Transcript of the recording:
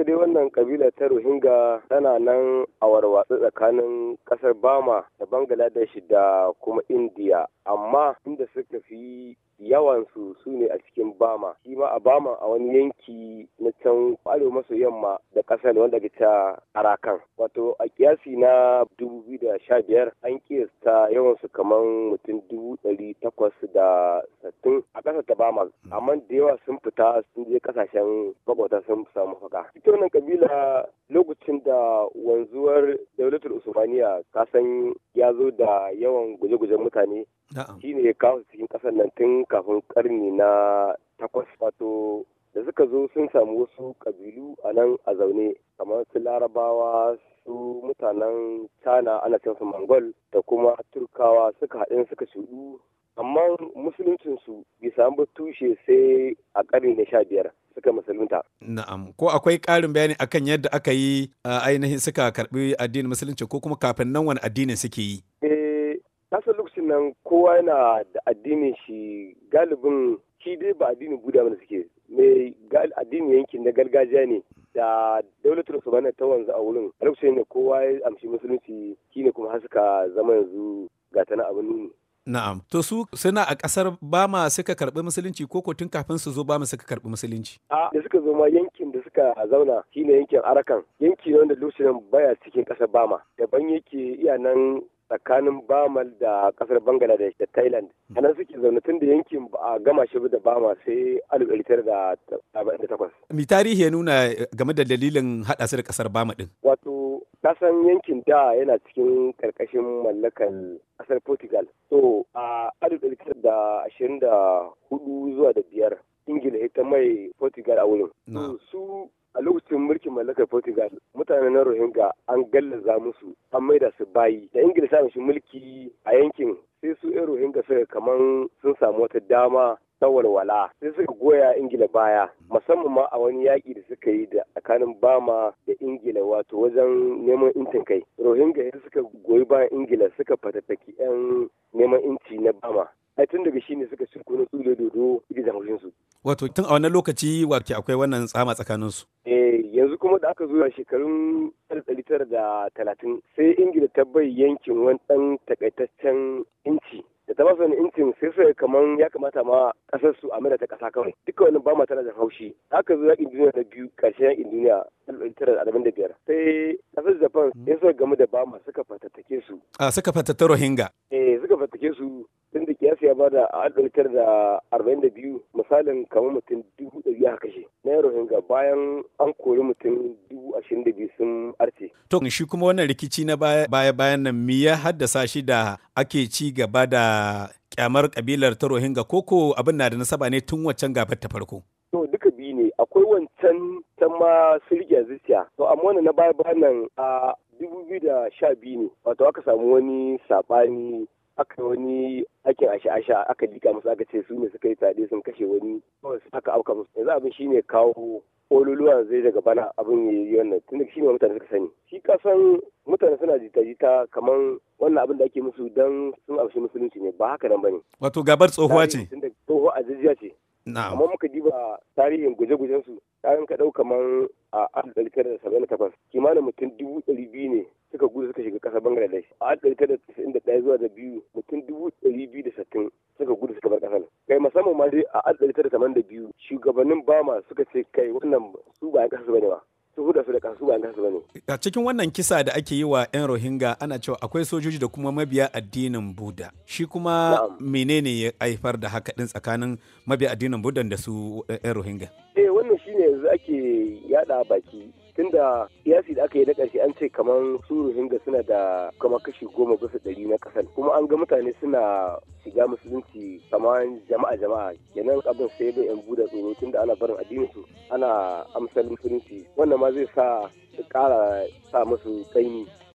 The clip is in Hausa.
ita dai wannan kabila ta rohingya tana nan a warwatsa tsakanin kasar bama da bangladesh da kuma india amma inda suka fi yawansu su ne a yankin Bama shi ma a Bama a wani yanki na can arewa maso yamma da ƙasar wanda ke ta Arakan wato a kiyasi na biyar an kiyasta yawan su kamar mutum da 860 a ƙasar ta Bama amma da yawa sun fita sun je kasashen maƙwata sun samu haka ita wannan kabila lokacin da wanzuwar daulatul usmaniya kasan ya zo da yawan guje-gujen mutane shine ya kawo cikin kasar nan tun kafin karni na takwas wato da suka zo sun samu wasu kabilu a nan a zaune kamar su larabawa su mutanen china ana cin mangol da kuma turkawa suka haɗin suka shudu amma su bai samu tushe sai a ƙarni na sha biyar suka musulunta. Na'am, ko akwai ƙarin bayani akan yadda aka yi a ainihin suka karɓi addinin musulunci ko kuma kafin nan wani addinin suke yi? Eh, kasan lokacin nan kowa yana da addinin shi galibin shi dai ba addinin Buda mana suke, mai addinin yankin na gargajiya ne da daulatar bana ta wanzu a wurin. A lokacin da kowa ya amshi musulunci shine kuma har suka zama yanzu ga ta na nuni. Na'am. To su suna a ƙasar Bama suka karɓi musulunci ko ko tun kafin su zo ma suka karɓi musulunci? A da suka zo ma yankin da suka zauna shine yankin Arakan. Yanki ne wanda Lusinan baya cikin ƙasar Bama. Daban yake iya nan tsakanin Bamal da kasar Bangladesh da Thailand. anan suke zaune tun da yankin ba a gama shi da Bama sai alif da takwas. Mi tarihi ya nuna game da dalilin haɗa su da kasar Bama ɗin? Wato kasan yankin da yana cikin karkashin mallakan kasar portugal so a adadin da ashirin da hudu zuwa da biyar ingila ita mai portugal a wurin su a lokacin mulkin mallakar portugal mutanen na rohingya an gallaza musu an maida su bayi da ingila sa shi mulki a yankin sai su yan rohingya suka kaman sun samu wata dama ta walwala sai suka goya ingila baya musamman ma a wani yaƙi da suka yi da tsakanin bama da ingila wato wajen neman intin kai rohingya suka goyi bayan ingila suka fatattaki 'yan neman inci na bama ai tun daga shine suka shirko na tsule dodo gidan hushin su wato tun a wannan lokaci wato akwai wannan tsama tsakanin su eh yanzu kuma da aka zo a shekarun 1930 sai ingila ta bai yankin wani dan takaitaccen inci da ta basu wani intin sai su kaman ya kamata ma kasar su amina ta kasa kawai duka wani ba tana da haushi haka zo yakin duniya na biyu karshen yakin duniya tara arba'in da biyar sai kasar japan mm. ya so gamu da bama suka fatattake su a ah, suka fatatta rohingya eh suka fatattake su tun da kiyasi ya bada a alƙalƙar da arba'in da biyu misalin kamar mutum dubu ɗari aka kashe na rohingya bayan an kori mutum ashirin da biyu sun arce. To shi kuma wannan rikici na baya bayan nan me ya haddasa shi da ake ci gaba da kyamar kabilar ta Rohingya ko abin na da nasaba ne tun waccan gabar ta farko. To duka biyu ne akwai wancan ta ma sirgin zuciya to amma wannan na baya bayan nan a dubu biyu da sha biyu ne wato aka samu wani saɓani aka wani aikin asha-asha aka lika masu aka ce su ne suka yi tade sun kashe wani aka auka musu yanzu abin shine kawo ƙololuwa zai daga bana abin ya yi wannan tunda shi ne mutane suka sani shi kasan mutane suna jita-jita kamar wannan abin da ake musu don sun amshi musulunci ne ba haka nan bane wato gabar tsohuwa ce tsohuwa a jijiya ce amma muka diba tarihin guje-gujen su tarihin ka dau kamar a alif da tara da saba'in takwas kimanin mutum dubu ɗari biyu ne suka gudu suka shiga ƙasar bangladesh a alif ɗari tara da tasa'in da ɗaya zuwa da biyu mutum dubu ɗari biyu da sittin amma a adadin tara tamanin da biyu shugabannin bama suka ce kai wannan su ba yan kasa bane ba su huda su da kasu ba yan kasa bane. a cikin wannan kisa da ake yi wa yan rohingya ana cewa akwai sojoji da kuma mabiya addinin buda shi kuma menene ya haifar da haka din tsakanin mabiya addinin budan da su yan rohingya. eh wannan shine yanzu ake yada baki tunda siyasi da aka yi na ƙarshe an ce kamar su rohingya suna da kama kashi goma bisa ɗari na ƙasar kuma an ga mutane suna shiga musulunci kamar jama'a jama'a kenan abin sai da yan buda tsoro tunda ana barin addinin su ana amsar musulunci wannan ma zai sa ƙara sa musu kaini